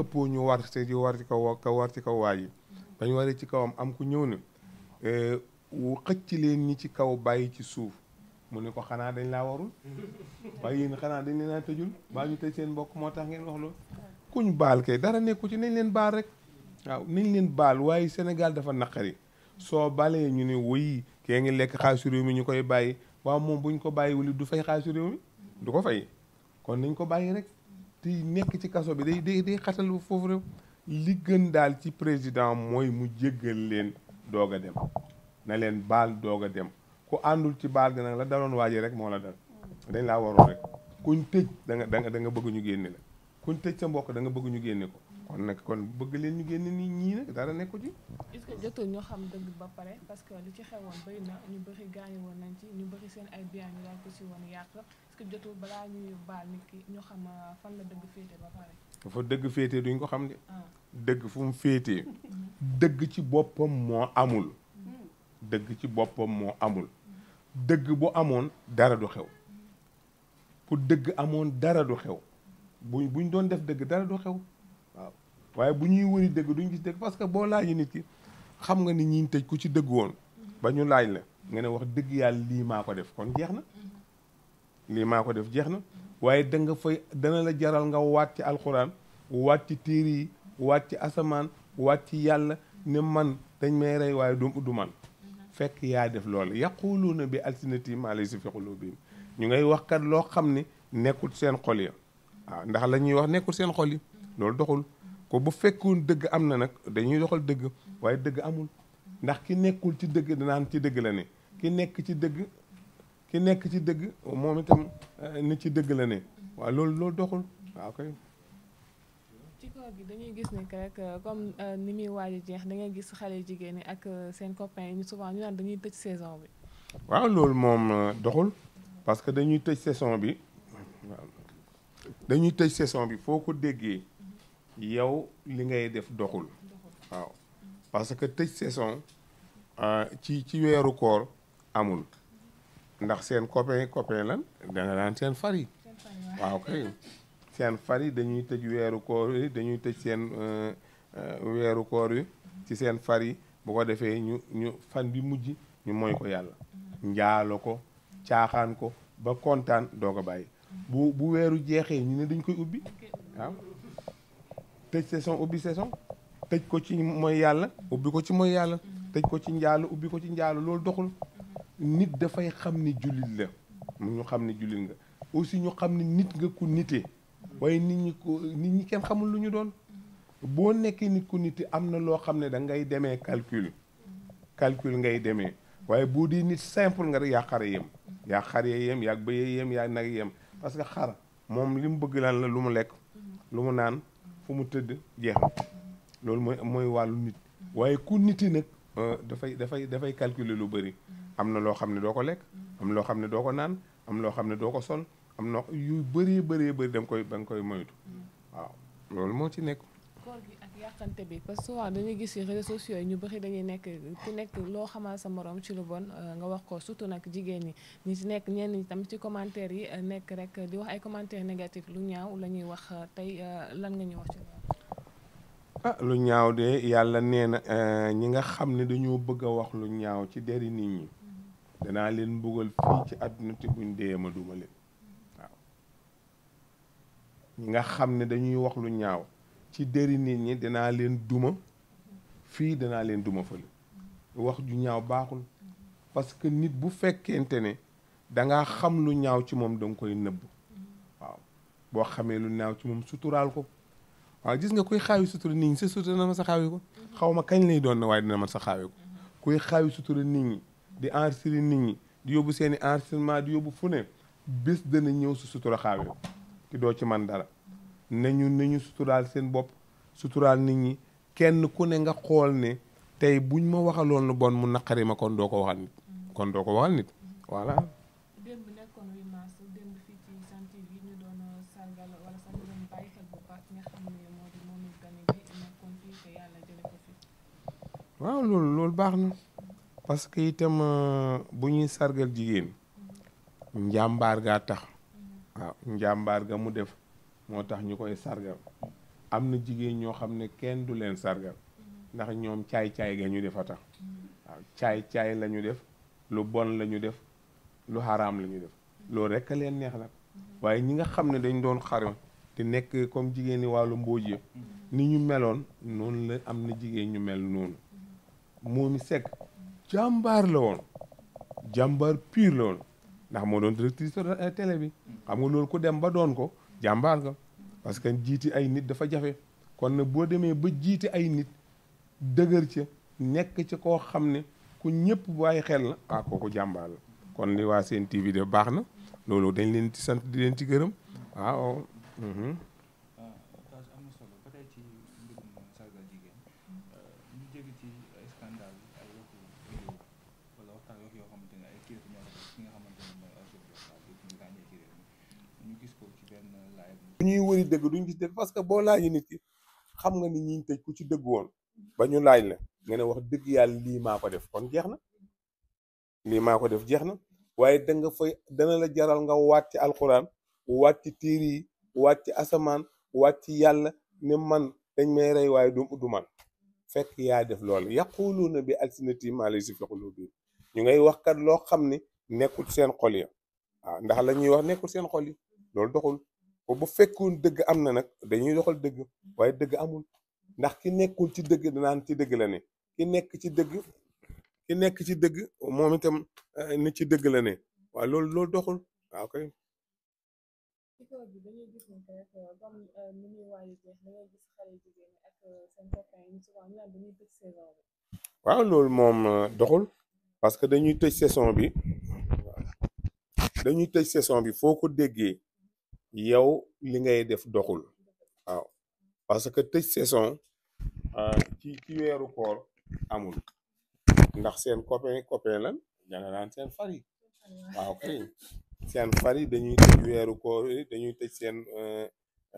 këppoo ñu war ci ñu war ci kaw ka war ci kaw waa ji bañ waree ci kawam am ku ñëw ne eh, xëcc leen ñi ci kaw bàyyi ci suuf mu ne ko xanaa dañ laa warul waaye yéen xanaa dañ leen a tëjul baa tëj seen mbokk moo tax ngeen wax loolu kuñ baal kay dara nekku ci nañ leen baal rek waaw nañ leen baal waaye senegal dafa naqari soo balee ñu ne wuy kee ngi lekk xaalisu réew mi ñu koy bàyyi waaw moom buñ ko bàyyiwul du fay xaalisu réew mi du ko fay kon nañ ko bàyyi rek di nekk ci kaso bi day day day xatal foofu rek li gën daal ci président mooy mu jéggal leen dooga a dem na leen baal doog a dem ku àndul ci baal ga nag la daloon waaje rek moo la dal dañ laa waroon rek kuñ tëj da nga da da nga bëgg ñu génne la kuñ tëj sa mbokk da nga bëgg ñu génne ko kon nag kon bëgg leen ñu génne nii ñii nag dara nekku ci est ñoo xam dëgg ba pare parce que li ci xewoon bëri na ñu bëri gaañu woon nañ ci ñu bëri seen ay bien ñu daal ko si woon yàq que jotul balaa ñuy baal nit ki ñu xam euh, fan la dëgg féete ba pare. dafa dëgg féete duñ ko xam de. Ah. dëgg fu féetee. dëgg ci boppam moo amul. dëgg ci boppam moo amul. dëgg bu amoon dara du xew. ku dëgg amoon dara du xew. bu buñ doon def dëgg dara du xew. waaw waaye bu ñuy wëri dëgg duñ gis dëgg parce que boo laajee nit ki xam nga ni ñi tëj ku ci dëgg woon. ba ñu laaj la nga ne wax dëgg yàlla lii maa ko def kon jeex na. Mm-hmm. lii maa ko def jeex na waaye da nga fay dana la jaral nga waat ci alxuraan waat ci téere yi waat ci asamaan waat ci yàlla ne man dañ may rey waaye du du man fekk yaa def loolu yaquluuna bi alsinatihim maa laysa fi qulubihim ñu ngay wax kat loo xam ne nekkul seen xol ya waaw ah, ndax lañuy wax nekkul seen xol yi loolu doxul ko bu fekkoon dëgg am na nag dañuy doxal dëgg waaye dëgg amul ndax ki nekkul ci dëgg danaan ci dëgg la ni ki nekk ci dëgg ki nekk ci dëgg moom itam eh, ni ci dëgg la ne waaw loolu loolu doxul waaw kay ci koor gi dañuy gis ni rek euh, comme euh, ni muy waaj a jeex da ngay gis xale jigéen ñi ak euh, seen copain yi ñu souvent ñu naan dañuy tëj saison bi waaw loolu moom doxul parce que dañuy tëj saison bi dañuy tëj saison bi foo ko déggee yow li ngay def doxul waaw parce que tëj saison ci ci weeru koor amul ndax seen copain copain lan da daan seen far yi waaw kay seen far yi dañuy tëj weeru koor yi dañuy tëj seen euh, euh, weeru koor yi ci seen far yi bu ko defee ñu ñu fan bi mujj ñu mooy ko yàlla njaalo ko caaxaan ko ba kontaan doo ko bàyyi bu bu weeru jeexee ñu ne dañ koy ubbi waaw tëj saison ubbi saison tëj ko ci mooy yàlla ubbi ko ci mooy yàlla mm-hmm. tëj ko ci njaalo ubbi ko ci njaalo loolu doxul nit dafay xam ni jullit la mu ñu xam ne jullit nga aussi ñu xam ne nit nga ku niti waaye nit ñi ko nit ñi kenn xamul lu ñu doon boo nekkee nit ku nite am na loo xam ne da ngay demee calcul calcul ngay demee waaye boo di nit simple nga rek yaa xar yem yaa xar yee yem yaa bëyee yem yaa nag yem parce que xar moom li mu bëgg lan la lu mu lekk lu mu naan fu mu tëdd jeex na loolu mooy mooy wàllu nit waaye ku niti nag euh, dafay dafay dafay calculer lu bëri am na loo xam ne doo ko lekk am loo xam ne doo ko naan am loo xam ne doo ko sol am na yu bëree bëree bëri da nga koy da moytu mm. waaw loolu moo ci nekk. koor gi ak yàqante bi parce que souvent dañuy gis ci réseaux sociaux yi ñu bëri dañuy nekk ku nekk loo xamal sa moroom ci lu bon euh, nga wax ko surtout nag jigéen ñi ñi ci nekk ñenn ñi tamit ci commentaire yi euh, nekk rek di wax ay commentaire négatif lu ñaaw la ñuy wax euh, tey lan nga ñuy wax ci loolu. ah lu ñaaw de yàlla nee na ñi nga xam ne dañoo bëgg a wax lu ñaaw ci deri nit ñi. danaa leen mbugal fii ci àdduna te buñ dee ma duma leen waaw ñi nga xam ne dañuy wax lu ñaaw ci dëri nit ñi danaa leen duma fii danaa leen duma fële wax ju ñaaw baaxul parce que nit bu fekkente ne danga xam lu ñaaw ci moom danga koy nëbb waaw boo xamee lu ñaaw ci moom suturaal ko waaw gis nga kuy xaawi sutura nit ñi sa sutura dina ma sa xaawi ko mm-hmm. xaw ma kañ lay doon na waaye dina ma sa xaawi ko mm-hmm. kuy xaawi sutura nit ñi di enregistré nit ñi di yóbbu seen i enregistrement di yóbbu fu ne bés dana ñëw su sutura doo ci man dara nañu nañu suturaal seen bopp suturaal nit ñi kenn ku ne nga xool ne tey buñ ma waxaloon lu bon mu naqari ma kon doo ko waxal nit kon doo ko waxal nit voilà démb waaw loolu loolu baax na parce que itam euh, bu ñuy sargal jigéen njàmbaar gaa tax waaw njàmbaar ga mu def moo tax ñu koy sargal am na jigéen ñoo xam ne kenn du leen sargal ndax ñoom caay-caay ga ñu def tax waaw caay-caay lañu def lu bon la ñu def lu xaraam la ñu def loolu rek a leen neex nag waaye ñi nga xam ne dañ doon xaram te nekk comme jigéen ñi wàllu mbóoj ni ñu meloon noonu la am na jigéen ñu mel noonu moomi sekk jàmbaar la woon jàmbaar piir la woon ndax moo doon directrice télé bi xam nga loolu ku dem ba doon ko jàmbaar nga parce que jiiti ay nit dafa jafe kon nag boo demee ba jiiti ay nit dëgër ca nekk ci koo xam ne ku ñëpp bàyyi xel la ah kooku jàmbaar kon li waa seen TV de baax na loolu dañ leen ci sant di leen ci gërëm waaw mhm. du ñuy wëri dëgg duñ gis dëgg parce que boo laajee xam nga ni ñi tëj ku ci dëgg woon ba ñu laaj la nga wax dëgg yàlla lii maa ko def kon jeex na lii maa ko def jeex na waaye da nga fay dana la jaral nga waat ci alxuraan waat ci tiir waat ci asamaan waat ci yàlla ne man dañ may rey waaye du du man fekk yaa def loolu yaquluuna bi alsinatihim maa laysa fi quluubihim ñu ngay wax kat loo xam ne nekkul seen xol ya waaw ndax la wax nekkul seen xol yi doxul ko bu dëgg am na nag dañuy doxal dëgg waaye dëgg amul ndax ki nekkul ci dëgg danaan ci dëgg la ne ki nekk ci dëgg ki nekk ci dëgg moom itam eh, ni ci dëgg la ne waaw loolu doxul euh, euh, euh, waaw loolu moom doxul parce que dañuy tëj saison bi dañuy tëj saison bi foo ko déggee yow li ngay def doxul waaw parce que tëj saison ah, ci ci weeru koor amul ndax seen copain copain lan danga seen fari waaw kay seen fari dañuy tëj weeru koor yi dañuy tëj seen eh,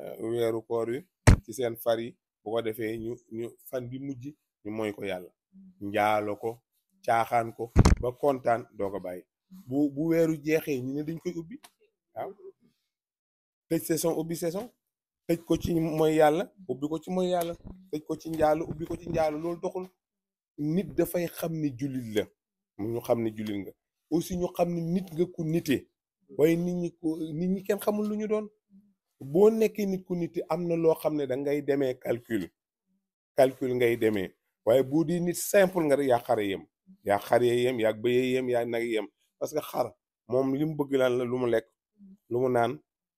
eh, weeru koor yi ci seen fari bu ko defee ñu ñu fan bi mujj ñu mooy ko yàlla njaalo ko caaxaan ko ba kontaan doo ko bàyyi bu bu weeru jeexee ñu ne dañ koy ubbi waaw tëj saison ubbi saison tëj ko ci mooy yàlla ubbi ko ci mooy yàlla tëj ko ci njaalu ubbi ko ci njaalu loolu doxul nit dafay xam ni jullit la ñu xam ni jullit nga aussi ñu xam ni nit nga ku niti waaye nit ñi ku nit ñi kenn xamul lu ñu doon boo nekkee nit ku nite am na loo xam ne da ngay demee calcul calcul ngay demee waaye bu di nit simple nga rek yaa xare yem yaa xar yee yem yaa bëyee yem yaa nag yem parce que xar moom li bëgg lan la lu mu lekk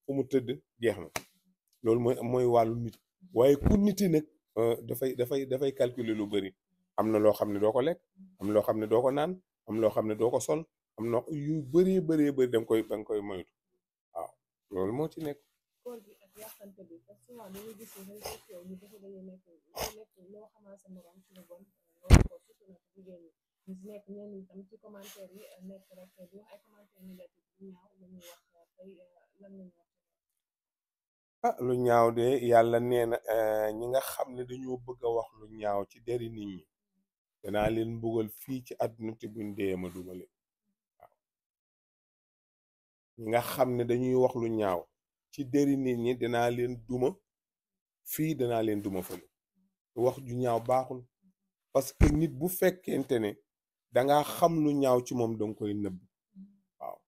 fu mu tëdd jeex na loolu mooy mooy wàllu nit waaye ku niti nag euh, dafay dafay dafay calculer lu bari am na loo xam ne doo ko lekk am loo xam ne doo ko naan am loo xam ne doo ko sol am na yu bëree bëree bëri da nga koy da nga koy moytu waaw loolu moo ci nekk. ah lu ñaaw de yàlla nee na eh, ñi nga xam ne dañoo bëgg a wax lu ñaaw ci deri nit ñi danaa leen mbugal fii ci àdduna te buñ dee ma duma leen waaw ñi nga xam ne dañuy wax lu ñaaw ci deri nit ñi danaa leen duma fii danaa leen duma fële wax ju ñaaw baaxul parce que nit bu fekkente ne danga xam lu ñaaw ci moom danga koy nëbb waaw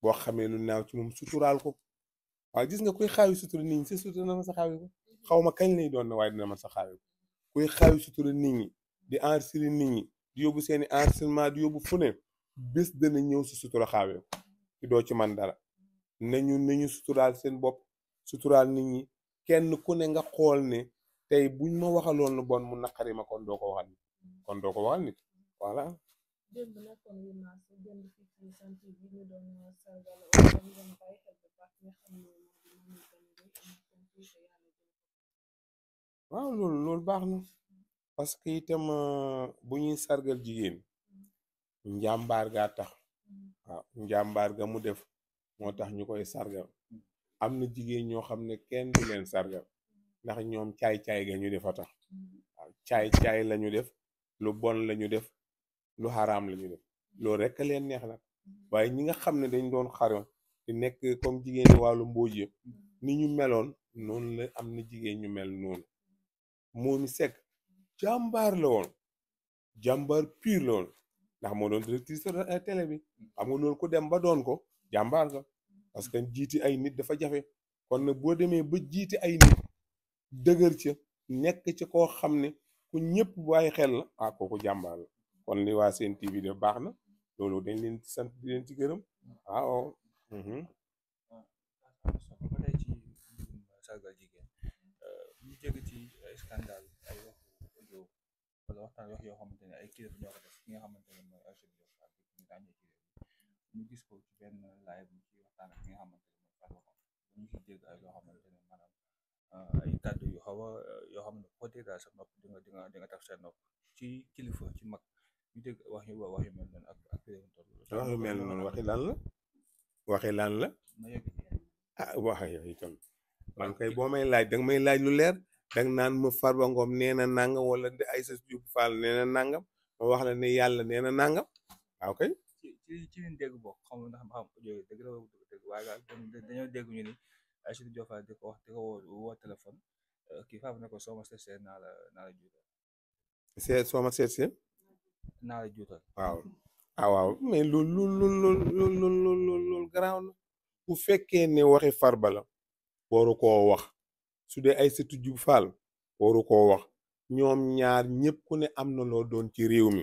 boo xamee lu ñaaw ci moom suturaal ko waa gis nga kuy xaawi sutura ni ñi sa sutura dina mën sa xaawi ko xaw ma kañ lay doon waaye dina mën sa xaawi ko kuy xaawi sutura nit ñi di enregistrer nit ñi di yóbbu seeni enregistrement di yóbbu fune bis bés dana ñëw sa sutura xaawi ko doo ci man dara nañu nañu suturaal seen bopp suturaal ni ñi kenn ku ne nga xool ne tey buñ ma waxaloon lu bon mu naqari ma kon doo ko waxal nit kon doo ko waxal nit waaw loolu loolu baax na parce que itam euh, bu ñuy sargal jigéen njàmbaar gaa tax waaw ga mu def moo tax ñu koy sargal am na jigéen ñoo xam ne kenn du sargal ndax ñoom caay-caay ga ñu def a tax waaw caay lañu def lu bon la ñu def lu xaraam lañu ñu def loolu rek leen neex nag waaye ñi nga xam ne dañ doon xaram di nekk comme jigéen ñi wàllu mbooj mm-hmm. ni ñu meloon noonu la am na jigéen ñu mel noonu Momy Seck jàmbaar la woon jàmbar piir lool ndax moo doon directrice télé bi xam nga loolu ku dem ba doon ko jàmbaar nga parce que jiiti ay nit dafa jafe kon nag boo demee ba jiiti ay nit dëgër ca nekk ci ko xam ne ku ñëpp bàyyi xel la ah kooku jàmbaar kon li waa seen TV de baax na loolu dañ leen sant di leen ci gërëm waaw ah, oh. am solo ba tey ci mbirum sargal jigéen ñu jéggi ci ay scandale ay waxu audio wala ay kilifa ñoo ki nga xamante ne mooy ci réew mi gis ko ci benn live bu ci waxtaan ak ki nga xamante ne mooy Fall waxam ñu ci dégg ay loo xamante kàddu yu xaw a yoo xam ne boo déggaa sa taf sa nopp ci kilifa ci mag ñu dégg wax yu wax yu mel noonu ak ak réew mi toll noonu waxi lan la waxe laan la ah waxa yow itam man kay boo may laaj danga may laaj lu leer danga naan ma Farba Ngom nee na nangam wala de Aïssa a Fall nee na nangam ma wax la ne yàlla nee na nangam waaw kay. ci ci liñ dégg bokk xam nga xam xam dëgg la waaye dañoo dégg ñu ni Aïssa Diop Fall di ko wax di euh, kii Farba ne ko soo ma seet see naa la naa ah waaw mais loolu loolu loolu loolu loolu loolu garaaw na bu fekkee ne waxi Farba la waru koo wax su dee ay sëtu Jub Faal waru koo wax ñoom ñaar ñëpp ku ne am na loo doon ci réew mi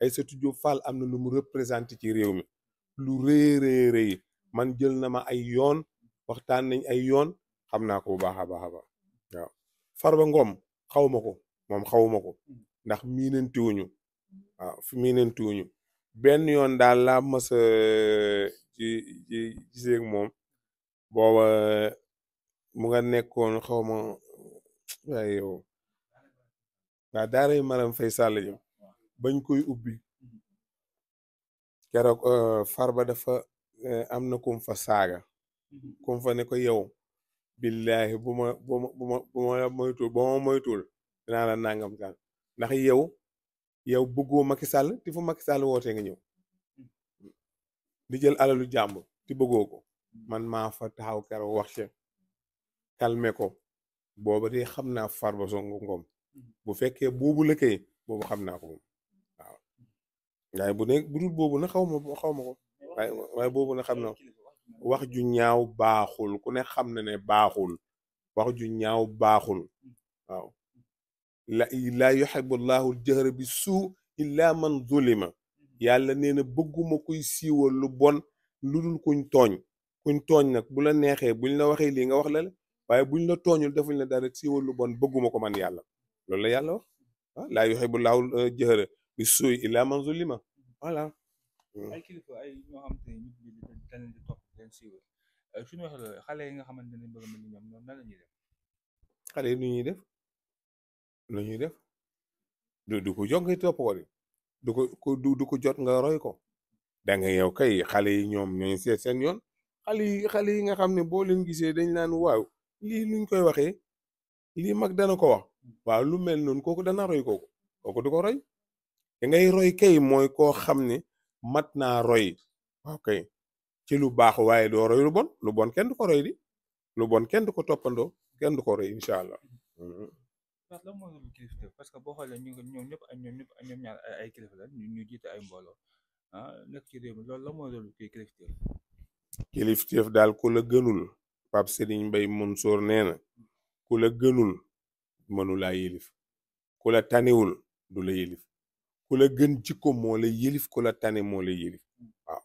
ay sëtu Jub Faal am na lu mu représenté ci réew mi lu rëy rëy man jël na ma ay yoon waxtaan nañ ay yoon xam naa ko bu baax a baax a baax waaw Farba Ngom xaw ko moom xaw ma ko hmm. ndax miinantiwuñu waaw miinantiwuñu benn yoon daal laa mës a ci ci gisee ak moom booba mu nga nekkoon xaw ma waaye maram fay sàll jëm bañ koy ubbi keroog euh, farba defa euh, am na kum fa saaga kum fa ne ko yow billaahi bu ma bu moytul bu moytul dinaa la nangam ndax yow yow bëggoo Macky Sall te fu Macky Sall wootee nga ñëw di jël alalu jàmbur te bëggoo ko mm. man maa fa taxaw keroog wax ca calmé ko booba de xam naa Farba Sonko Ngom mm. bu fekkee boobu bu kay boobu xam naa ko moom waaw bu ne bu na xaw ma xaw ma ko waaye waaye xam naa wax ju ñaaw baaxul ku ne xam na ne baaxul wax ju ñaaw baaxul mm. waaw la laa yuxibu llaahu jahra bi suu illa man zulima yàlla nee na bëgguma kuy siwo lu bon lu dul kuñ tooñ kuñ tooñ nag bu la neexee buñ la waxee lii nga wax le la buñ la tooñul defuñ la dara siiwal lu bon bëgguma ko man yàlla loolu la yàlla wax ah laa yuxibu llaahu jahra bi suu illa man zulima voilà xale yi nga xamante ne bëgg na ñoom noonu nan la ñuy def yi nu def lu ñuy def du du ko jot ngay topp ko di du ko du jot nga roy ko da nga yow kay xale yi ñoom ñooñu se seen yoon xale yi xale yi nga xam ne boo len gisee dañ naan waaw lii luñ koy waxee lii mag dana ko wax waaw lu mel noonu kooku dana roy ko kooku du ko roy da ngay roy kay mooy koo xam ne mat naa roy waaw kay ci lu baax waaye doo roy lu bon lu bon kenn du ko roy di lu bon ken du ko toppandoo kenn du ko roy incha allah. Mm-hmm. waaw lan mooy parce que boo xoolee ñu ñoom ñëpp ak ñoom ñëpp ak ay kilifa la ñu jiite ay mbooloo ah nekk ci réew mi loolu lan mooy rôle daal ku la gënul Pape Serigne Mbaye Mansour nee na ku la gënul mënulaa yëlif ku la tanewul du la yëlif ku la gën jikko moo la yëlif ku la tane moo la yëlif waaw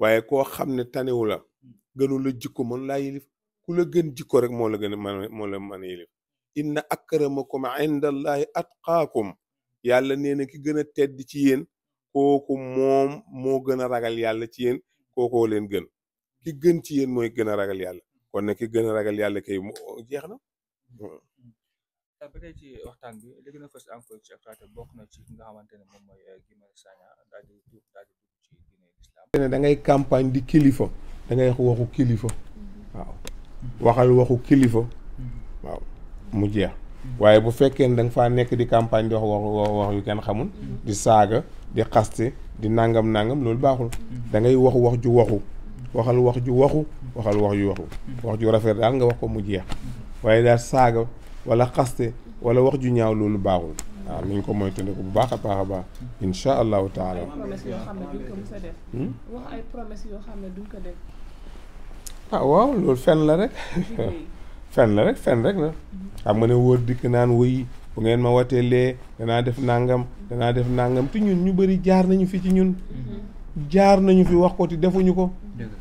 waaye koo xam ne tanewu la gënul la jikko mënulaa yëlif ku la gën jikko rek moo la gën a mën moo inna akramakum inda allahi atqaakum yàlla nee na ki gën a tedd ci yéen kooku moom moo gën a ragal yàlla ci yéen kooko leen gën ki gën ci yéen mooy gën a ragal yàlla kon nag ki gën a ragal yàlla kay jeex na hmm. ba tey ci waxtaan bi li gën a fës encore ci na ci nga xamante ne moom mooy eh, Guy Marius Sagna daal di dugg daal campagne di kilifa dangay ngay wax waxu kilifa mm-hmm. waaw waxal waxu kilifa mm-hmm. waaw mu jeex waaye bu fekkee ne danga fa nekk di campagne di wax wax wax yu kenn xamul di saaga di xaste di nangam nangam loolu baaxul da ngay wax wax ju waxu waxal wax ju waxu waxal wax ju waxu wax ju rafet daal nga wax ko mu jeex waaye daal saaga wala xaste wala wax ju ñaaw loolu baaxul waaw nañ ko moytandiku bu baax a baax a baax insha allahu taala hmm? ah waaw loolu fenn la rek fen la rek fen rek la xam nga ne wóor dikk naan wuy bu ngeen ma watee lee danaa def nangam danaa def nangam te ñun ñu bëri jaar nañu fi ci ñun jaar nañu fi wax ko te defuñu ko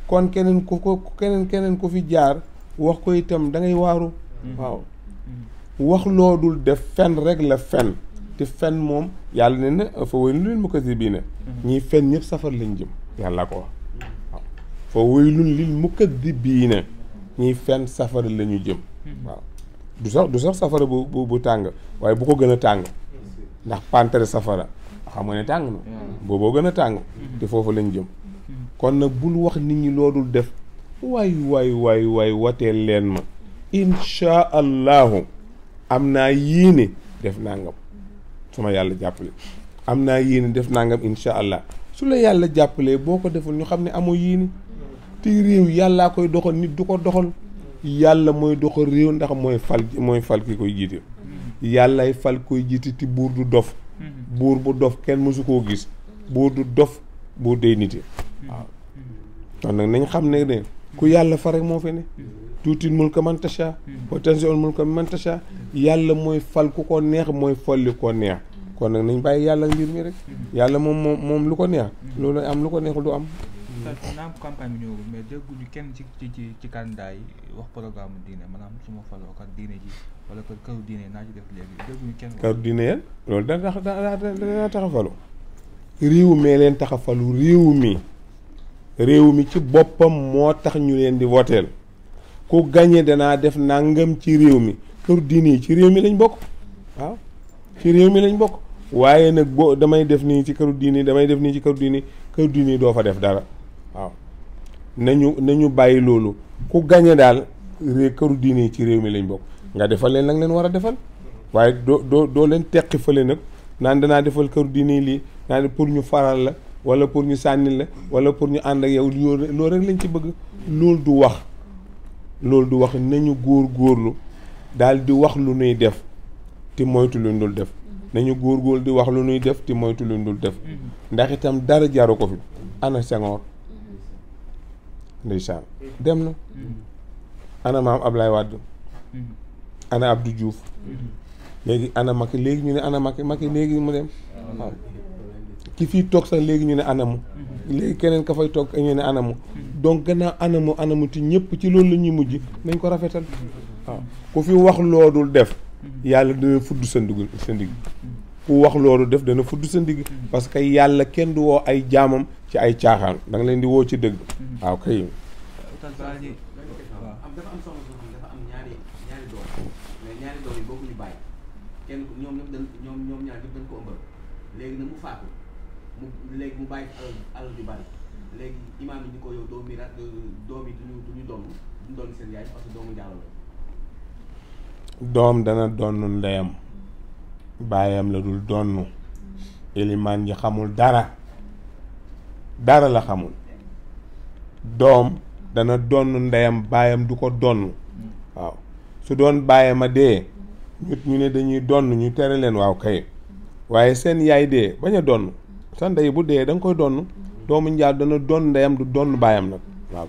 kon keneen ku ko keneen keneen ku fi jaar wax ko itam dangay waaru mm-hmm. waaw mm-hmm. wax loo dul def fen rek la fen te fen moom yàlla ne na fa waylun lil mukazzibiina mm-hmm. ñii fen ñëpp safar lañ jëm yàlla ko wax waaw fa waylun lil mukazzibiina ñiy fenn safara la ñu jëm waaw du sax du sax safara bu bu tàng waaye bu ko gën a tàng ndax pantere safara xam nga ne tàng na booboo gën a tàng te foofu lañu jëm kon nag bul wax nit ñi loodul def waay waay waay waay wateel leen ma insha allahu am naa yéene def nangam sama yàlla jàppale am naa yéene def nangam insha allah su la yàlla jàppalee boo ko deful ñu xam ne amoo yéene te réew yàllaa koy doxal nit du ko doxal yàlla mooy doxal réew ndax mooy fal mooy fal ki koy jiite yàllaay fal koy jiite ti buur du dof buur bu dof kenn mësu koo gis buur du dof buur day nite waaw kon nag nañ xam ne ne ku yàlla fa rek moo fi ne tuutil mulka man tasha wa tanzi'ul mulka man tasha yàlla mooy fal ku ko neex mooy folli ko neex kon nag nañ bàyyi yàlla ngir mi rek yàlla moom moom moom lu ko neex loolu am lu ko neex du am naam campagne bi mais dégguñu kenn ci ci ci candidat yi wax programme diine maanaam su ma faloo kat wala kër këru diine naa def léegi kenn. këru diine loolu da tax da da tax a falu réew mi leen tax falu réew mi ci boppam moo tax ñu leen di woteel ku gañe danaa def nangam ci réew mi këru diine yi ci réew mi lañ bokk waaw ci réew mi lañ bokk waaye nag boo damay def nii ci këru diine damay def nii ci këru diine këru diine doo fa def dara. waaw nañu nañu bàyyi loolu ku gañe daal ré këru diine yi ci réew mi lañ bokk nga defal leen nag leen war a defal waaye doo doo doo leen teqi fële nag naan danaa defal këru diine yi lii naan pour ñu faral la wala pour ñu sànni la wala pour ñu ànd ak yow loolu rek lañ ci bëgg loolu du wax loolu du wax nañu góor góorlu daal di wax lu nuy def te moytu lu dul def nañu góor góorlu di wax lu nuy def te moytu lu dul def mm-hmm. ndax itam dara jaru ko fi ana Senghor ndeysaan dem na ana ab lay Wade ana Abdou Diouf léegi ana Macky léegi ñu ne ana Macky Macky léegi mu dem waaw ki fii toog sax léegi ñu ne anamu léegi keneen ka fay toog ñu ne anamu donc gannaaw anamu anamu ti ñëpp ci loolu lañuy mujj dañ ko rafetal waaw ku fi wax loo dul def yàlla dina fudd sa ndigul sa ndigg ku wax loolu def dana fudd sa ndigg parce que yàlla kenn du woo ay jaamam ci ay caaxaan da nga leen di woo ci dëgg waaw kay dafa am soxna soo xam dafa am ñaari ñaari doom mais ñaari doom yi bokkuñu bàyyi kenn ñoom ñëpp dañ ñoom ñoom ñaar ñëpp dañ ko ëmbal léegi nag mu faatu mu léegi mu bàyyi ci alal alal ju bari léegi imaam yi ñu ko yow doo miraat doom yi duñu duñu doon duñu doon seen yaay parce que doomu jaaloo la doom dana doon ndeyam baayam la dul donnu ilimaan ji xamul dara dara la xamul doom dana donn ndeyam baayam du ko donn waaw su doon baayam a dee nit ñu ne dañuy donn ñu tere leen waaw kay waaye seen yaay dee bañ a donn sa ndey bu dee da nga koy donn doomu njaal dana donn ndeyam du donn baayam nag waaw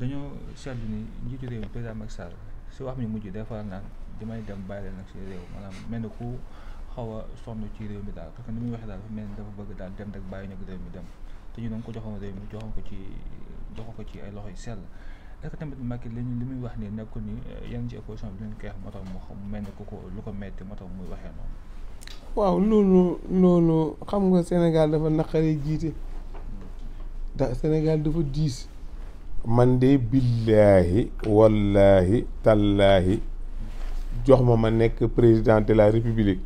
dañoo seetlu ni njiitu réew mi président Macky Sall si wax mi mujj des fois naan damay dem bàyyi leen nag maanaam mel ni ku xaw a sonn ci réew mi daal parce que muy waxee daal dafa dafa bëgg daal dem rek bàyyi nag réew mi dem te ñu doon ko joxoon réew mi joxoon ko ci ko ci ay loxo yu sell est-ce que tamit Macky li li muy wax nii nekku ni eh, yenn ci opposition bi leen koy wax moo tax mu xam mel ku ko lu ko metti moo tax muy waxee noonu. waaw loolu loolu xam nga Sénégal dafa naqaree jiite. da Sénégal dafa diis. man de billaahi wallaahi tallaahi jox ma ma nekk président de la république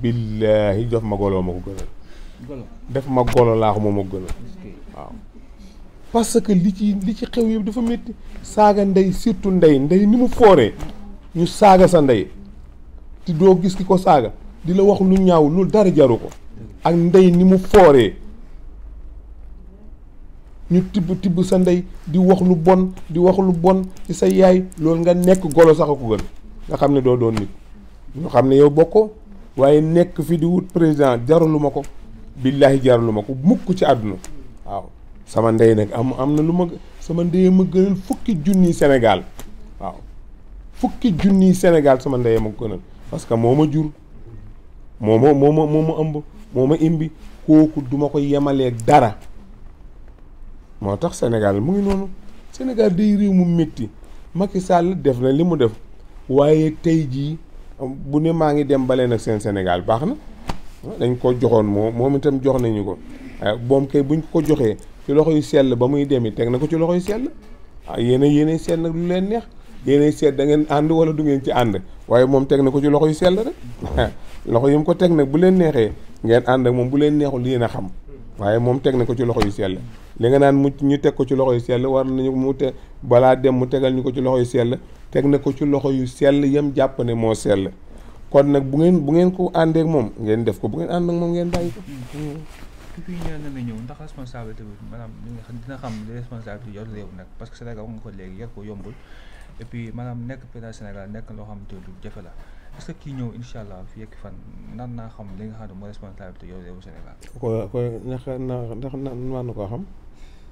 billaahi jox ma golo ma ko gënal def ma golo laax moom ma gënal waaw parce que li ci li ci xew yëpp dafa métti saaga ndey surtout ndey ndey ni mu fooree ñu saaga sa ndey te doo gis ki ko saaga di la wax lu ñaaw lu dara jaru ko ak ndey ni mu fooree ñu tibb tibb sa ndey di wax lu bon di wax lu bon ci sa yaay loolu nga nekk golo sax a gën nga xam ne doo doon nit ñoo xam ne yow bokkoo waaye nekk fi di wut président jaralu ma ko billaahi jaralu ma ko mukk ci àdduna waaw sama ndey nag am am na lu ma sama ndey ma gënal fukki junni Sénégal waaw fukki junni Sénégal sama ndey ma gënal parce que moo ma jur moo ma moo ma moo ma ëmb moo ma imbi kooku duma ko yemaleeg dara moo tax Sénégal mu ngi noonu Sénégal day réew mu métti Macky sàll def na li mu def waaye tey jii bu ne maa ngi dem bale nag seen Sénégal baax na ah, dañ ko joxoon moom moom itam jox nañu ko ah, boom kay buñ ko joxee ci loxo yu sell ba muy demi teg na ko ci loxo yu sell ah yéen a yéenay nag lu leen neex yéenay seet da ngeen ànd wala du ngeen ci ànd waaye moom teg na ko ci loxo yu sell rek loxo yi mu ko teg nag bu leen neexee ngeen ànd ak moom bu leen neexul yéen a xam. waaye moom teg na ko ci loxo yu sell li nga naan mu ñu teg ko ci loxo yu sell war nañu mu te balaa dem mu tegal ñu ko ci loxo yu sell teg na ko ci loxo yu sell yam jàpp ne moo sell kon nag bu ngeen bu ngeen ko àndeek moom ngeen def ko bu ngeen ànd ak moom ngeen bàyyi ko. ki na ñëw ndax responsabilité bi maanaam dina xam li responsabilité yor réew nag parce que Sénégal nga ko léegi yor ko yombul et puis maanaam nekk président Sénégal nekk loo xam te du jafe la. est-ce que kii naa xam li nga xam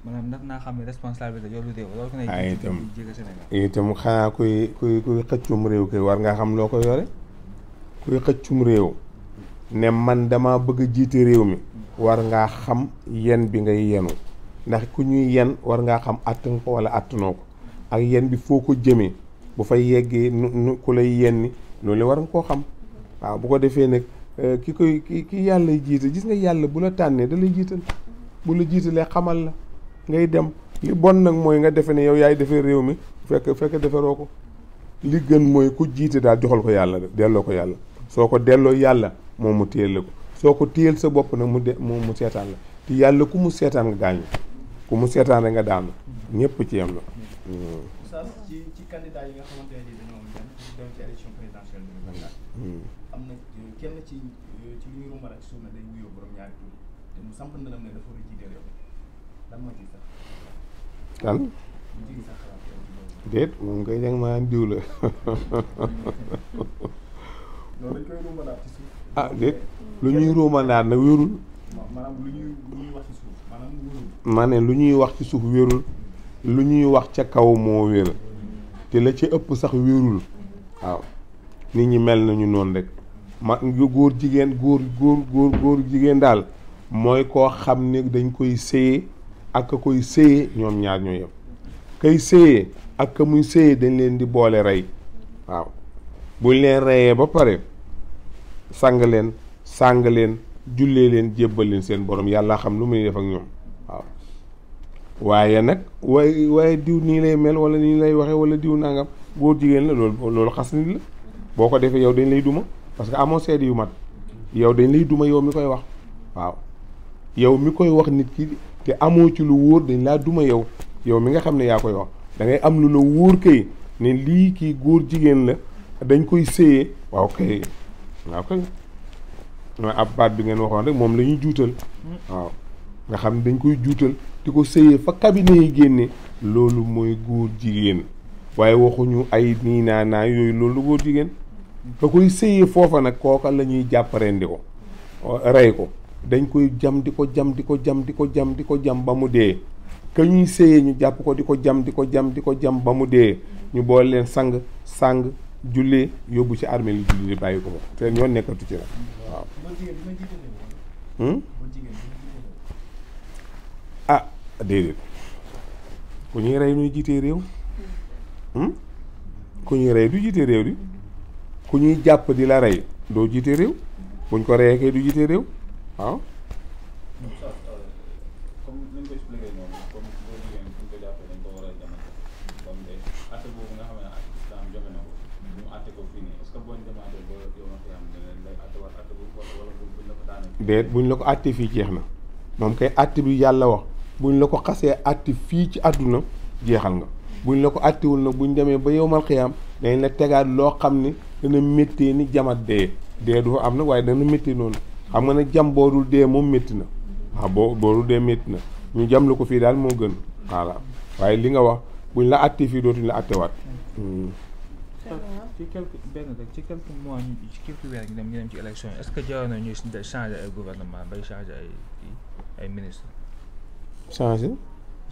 ne naa xam. ne responsabilité yow lu réew loolu ko ah, itam xanaa kuy kuy xëccum réew kay war ngaa xam loo ko yore kuy xëccum réew ne man dama bëgg a jiite réew mi war ngaa xam yen bi ngay yenu ndax ku ñuy yen war ngaa xam àttan ko wala àttanoo ko ak yen bi foo ko jëmee bu fay yeggee nu nu ku lay yenni loolu war nga koo xam waaw bu ko defee nag euh, ki koy ki ki yàlla jiite gis nga yàlla bu la tànnee dalay jiital bu la jiitalee xamal la ngay dem li bon nag mooy nga defe ne yow yaay defee réew mi fekk fekk deferoo ko li gën mooy ku jiite daal joxal ko yàlla delloo ko yàlla soo ko delloo yàlla moom mu téyel la ko soo ko téyel sa bopp nag mu de moom mu seetaan la te yàlla ku mu seetaan nga gaañu ku mu seetaan rek nga daanu ñépp ci yem la. am na euh, ci euh, ci li ñu rumal ak a kan. déet moom kay danga maa diw la. loolu dañ koy ruumanaat ci suuf. ah déet lu ñuy ruumanaat nag wérul. wax ci suuf maanaam ma ne lu ñuy wax ci suuf wérul. lu ñuy wax ca kaw moo wér. te la ci ëpp sax wérul waaw. nit ñi mel nañu noonu rek ma góor jigéen góor góor góor jigéen daal mooy koo xam ne dañ koy séye ak ka koy séye ñoom ñaar ñoo yem kay séye ak ka muy séye dañ leen di boole rey waaw buñ leen reyee ba pare sang leen sàng leen jullee leen jébbal leen seen boroom yàlla xam lu muy def ak ñoom waaw waaye nag waaye waaye diw nii lay mel wala nii lay waxee wala diw nangam góor jigéen la loolu loolu xas nit la boo ko defee yow dañ lay duma parce que amoo seede yu mat yow dañ lay duma yow mi koy wax waaw yow mi koy wax nit ki te amoo ci lu wóor dañ laa duma yow yow mi nga xam ne yaa koy wax da ngay am lu la wóor kay ne lii kii góor jigéen la dañ koy séyee waaw kay waaw kay mooy ab baat bi ngeen waxoon rek moom lañuy juutal waaw nga xam ne dañ koy juutal di ko séyee fa cabinet yi génne loolu mooy góor jigéen waaye waxuñu ay nii naa naa yooyu loolu góor jigéen ba koy sëyee foofa nag kooka lañuy ñuy jàpp rendi ko rey ko dañ koy jam di ko jam di ko jam di ko jam di ko jam ba mu dee ka ñuy ñu jàpp ko di ko jam di ko jam di ko jam ba mu dee ñu boole leen sang sang julle yóbbu ci armée li bàyyi ko moom seen yoon hmm? ah, ñuy rey ñuy jiitee réew hmm? ku ñuy rey du jiitee réew di ku ñuy jàpp di la rey doo jiite réew buñ ko reyee kay du jiite réew waaw. buñ la ko àttee fii jeex na moom kay àtte bi yàlla wax buñ la ko xasee àtte fii ci àdduna jeexal nga buñ la ko àttewul nag buñ demee ba yowmal xiyaam dañ la tegaat loo xam ni dana méttee ni jamat dee dee du am na waaye dana métti noonu xam nga ne jam boo dul dee moom métti na waaw boo boo dul dee métti na ñu jam la ko fii daal moo gën voilà waaye li nga wax buñ la àttee fii dootuñ la àttewaat. Hmm. ci quelque benn rek ci quelques mois ci quelques weer ñu dem ñu dem est que jaroon na ñuy changer ay gouvernement bay changer ay ay ministre changer.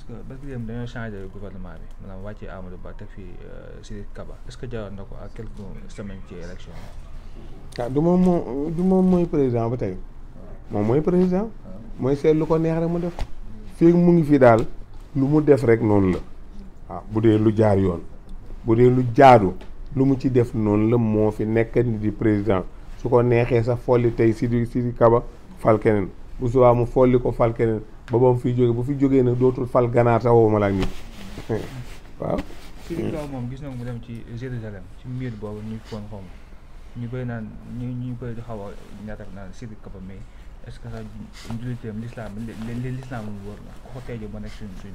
parce que parce changé gouvernement bi maanaam wàccee Amadou Ba teg fii euh, Sidiki Kaba est que jaroon ko ak quelques semaines ci élection bi. Ah, du moom moo mooy président ba tey ah. moom mooy président ah. mooy seet lu ko neex rek mu def fii mu ngi fi daal lu mu def rek noonu la waaw bu dee lu jaar yoon bu dee lu jaadu lu mu ci def noonu la moo fi nekk di président su ko neexee sax folli tey Sidiki Kaba fal keneen. bu subaa mu folli ko fal keneen ba ba mu fiy bu fi jógee nag dootul fal ganaar sax woo ma laa nit waaw. Sëriñ Tuubaa moom gis na mu dem ci Jérusalem ci miir boobu ñu foon xaw ñu koy naan ñu ñu koy xaw a ñaata naan Sidi Kaba mais est-ce que sax njuliteem l'islam li l'islam wóor na ko tey jii ba nekk suñ suñ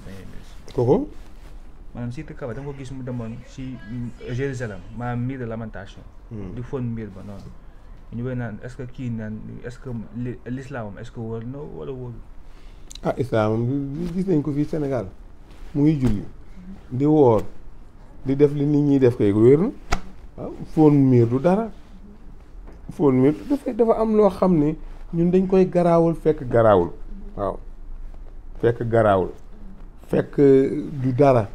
beneen gis mu demoon ci Jérusalem maanaam miir de lamentation. Hmm. di fon miir ba noonu. ñu koy naan est-ce que kii naan est-ce que l'islam est-ce que na wala wóolu ah islam gis nañ ko fii senegal mu ngi julli di woor di def li nit ñi def kay wér na ah, waaw fóon miir du dara fóon miir dafay dafa am loo xam ne ñun dañ koy garaawul fekk garaawul waaw fekk garaawul fekk euh, du dara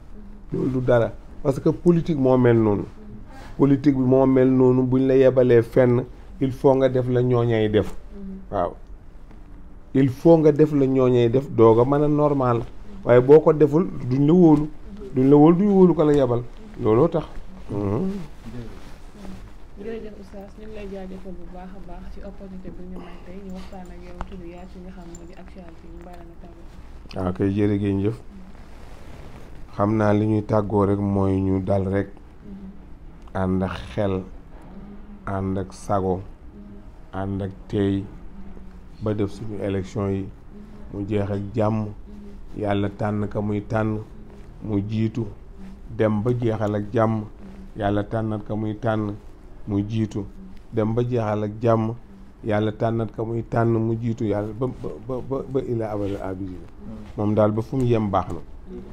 loolu du dara parce que politique moo mel noonu politique bi moo mel noonu buñ la yebalee fenn il faut nga def la ñooñay def waaw il faut nga def la ñooñay def doog a mën a normal waaye boo ko deful duñ la wóolu duñ la wóolu duñ wóolu ko la yebal looloo tax hmm. jërëjëf oustaz ñu ngi lay ah, xam naa li ñuy tàggoo rek mooy ñu dal rek mm-hmm. ànd xel ànd ak sago ànd ak tey ba def suñu élection yi mu jeex ak jàmm yàlla tànn ka muy tànn mu jiitu dem ba jeexal ak jàmm yàlla tànnat ka muy tànn mu jiitu dem ba jeexal ak jàmm yàlla tànnat ka muy tànn mu jiitu yàlla ba ba ba ba abal abidi moom daal ba fu mu yem baax na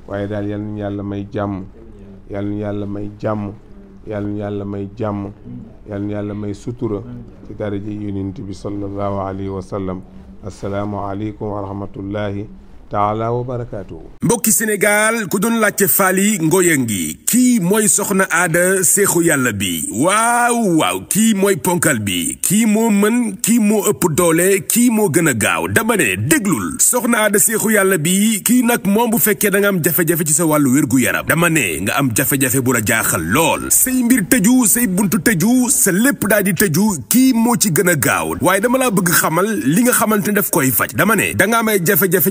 waaye daal yàlla may jàmm yàlla may jàmm yàlla na yàlla may jàmm yàlla na yàlla may sutura ci daraja yonent bi sallallahu alayhi wa sallam asalaamu aleykum wa rahmatullahi taala wa mbokki Sénégal ku doon laajte Faly ngi kii mooy soxna aada seexu yàlla bi waaw waaw kii mooy ponkal bi kii moo mën kii moo ëpp doole kii moo gën a gaaw dama ne déglul soxna aada seexu yàlla bi kii nag moom bu fekkee da nga am jafe-jafe ci sa wàllu wérgu yaram dama ne nga am jafe-jafe bu la jaaxal lool say mbir tëju say buntu tëju sa lépp daal di tëju kii moo ci gën a gaaw waaye dama laa bëgg xamal li nga xamante ne daf koy faj dama ne da nga am ay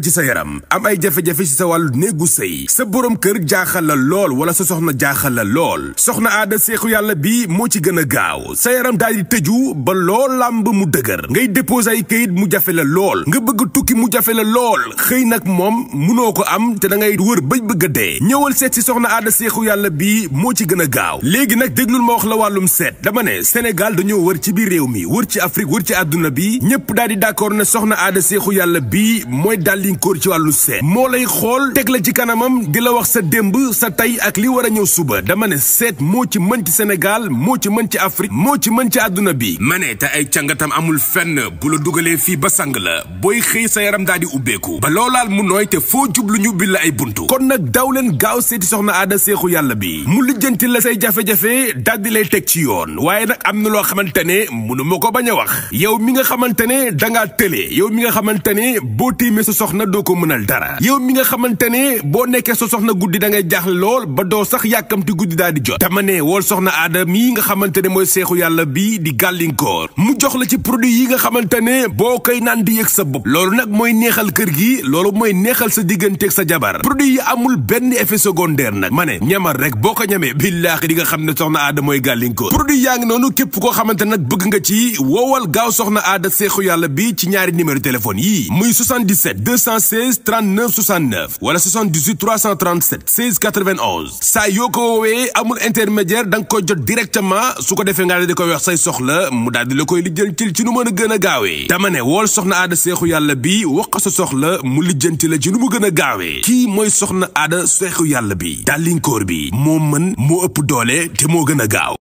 ci sa yaram yaram am ay jafe-jafe ci sa wàllu néegu sëy sa boroom kër jaaxal la lool wala sa soxna jaaxal la lool soxna aada seexu yàlla bi moo ci gën a gaaw sa daal di tëju ba loo làmb mu dëgër ngay déposer ay kayit mu jafe la lool nga bëgg tukki mu jafe la lool xëy nag moom munoo ko am te da ngay wër bëj a dee ñëwal seet ci soxna aada yàlla bi moo ci gën a gaaw léegi nag déglul ma wax la wàllum seet dama ne Sénégal dañoo war ci biir réew mi war ci Afrique wër ci àdduna bi ñëpp daal di d'accord ne soxna aada seexu yàlla bi mooy dal liñ kóor ci wàllu seet moo lay xool teg la ci kanamam di la wax sa démb sa tey ak li war a ñëw suba dama ne seet moo ci man ci Sénégal moo ci man ci Afrique moo ci man ci àdduna bi ma ne te ay cangatam amul fenn bu la dugalee fii ba sang la booy xëy sa yaram daal di ubbeeku ba loolaal mu nooy te foo jublu ñu bi la ay buntu kon nag daaw leen gaaw seeti soxna aada seexu yàlla bi mu lijjanti la say jafe-jafe daal di lay teg ci yoon waaye nag am na loo xamante ne mënu ma ko bañ a wax yow mi nga mi nga xamante ne mënal dara yow mi nga xamante ne boo nekkee sa soxna guddi da ngay jaaxle lool ba doo sax yàkkamti guddi daal di jot dama ne wool soxna aada mii ne mooy seexu yàlla bi di gàllinkoor mu jox la ci produit yi nga xamante ne boo koy naan di yëg sa bopp loolu nag mooy neexal kër gi loolu mooy neexal sa digganteeg sa jabar produit yi amul benn effet secondaire nag ma ne ñamal rek boo ko ñamee billaahi di nga xam ne soxna aada mooy gàllinkoor produit yaa ngi noonu képp koo xamante nag bëgg nga ci woowal gaaw soxna aada seexu yàlla bi ci ñaari numéro téléphone yii muy 77 76 wala 78 337 16 91 saa yoo ko woowee amul intermédiaire danga nga jot directement su ko defee nga la di koy wax say soxla mu daal di la koy lijjantil ci nu mën a gën a gaawee dama ne wool soxna aada seexu yàlla bi wax ko sa soxla mu lijjanti la ci nu mu gën a gaawee kii mooy soxna aada seexu yàlla bi dàllinkoor bi moo mën moo ëpp doole te moo gën a gaaw